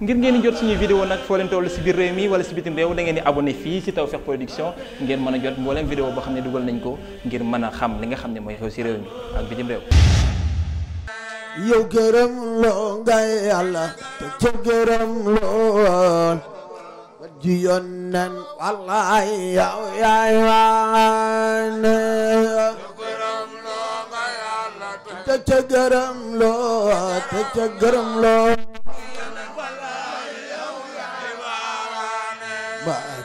ngir ngeen jot suñuy vidéo nag foo leen si biir réew mi wala si bitim réew da ngeen di abonné fii si Tawfekh Production ngeen mën a jot mbooleem vidéo boo xam ne dugal nañ ko ngir mën a xam li nga xam ne mooy xew si réew mi ak bitim réew yow gërëm loo ngay yàlla gërëm lool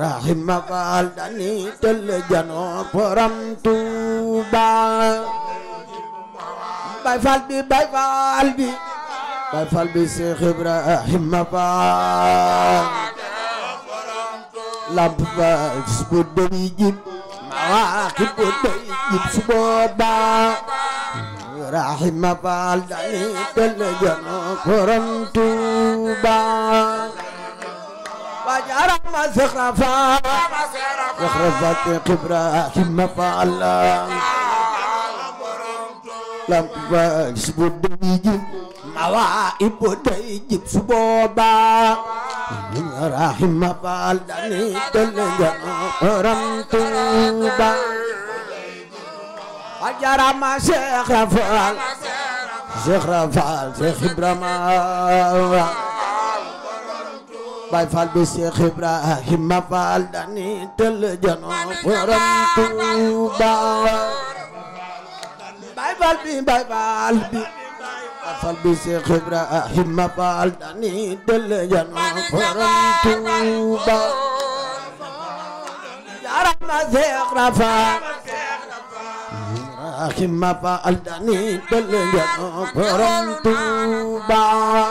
rahim ma baal dani tëll janoo borom Tuuba bay fal bi bay fal bi bay fal bi Seex Ibrahim ma baal lamp ba suba day jib ma waaqib ba day jib suba ba rahim ma baal dani tëll janoo borom Tuuba واجعل ما زخرفا زخرفت كبرى كما فعل لم يسبب ديجي موائب ديجي سبوبا رحم فعل دلجا رمتوبا واجعل ما زخرفا زخرفا زخرفا bay faal bi Seex Ibrahima faal dani tel janoon borom Tuuba bay faal bi bay faal bi bay faal bi Seex Ibrahima faal dani tel janoon borom Tuuba yaram Seex Rafa ma faal dani dëll njaboot borom Tuuba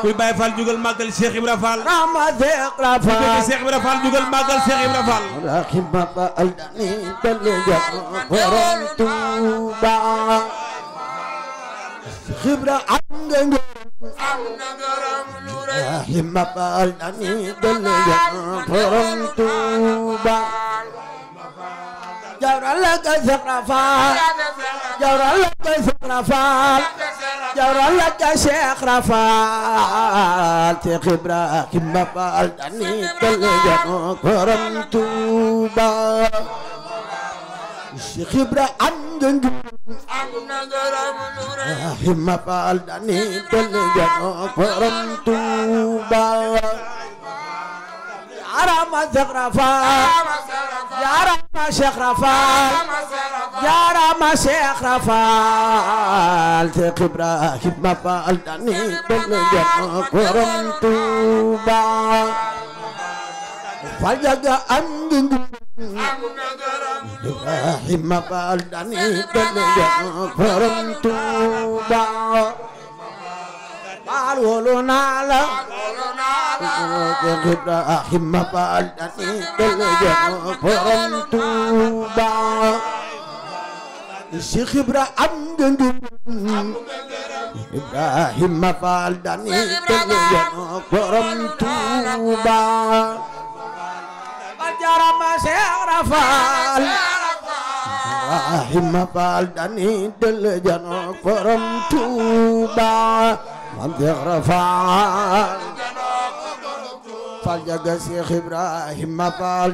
kuy Baay Faal jugal màggal Cheikh Ibra Faal Faal jugal Cheikh Ibra Faal jugal Faal xima faal dani dëll njaboot faal dani dëll njaboot borom Tuuba Faal jawral la jay Cheikh Rafal jawral la jay Cheikh Rafal Cheikh Ibrahim Babal dani tel jano koram Tuuba Cheikh Ibrahim anjung Ibrahim Babal dani tel jano koram Tuuba Yarama Cheikh Rafal Yarama Cheikh Rafal ma Cheikh Rafal te Ibrahim ma Fall dani benn jama borom Tuuba fal jaga am ngi Ibrahim ma Fall dani benn jama borom Tuuba baal wóolu naa la te Ibrahim ma Fall dani benn jama borom Tuuba Cheikh Ibra am nga ngërëm Ibrahima Fall dani teñu borom Tuuba barjarama Cheikh Rafal Ibrahima Fall dani teñu borom Tuuba am Cheikh Rafal Fall jaga Cheikh Ibrahima Fall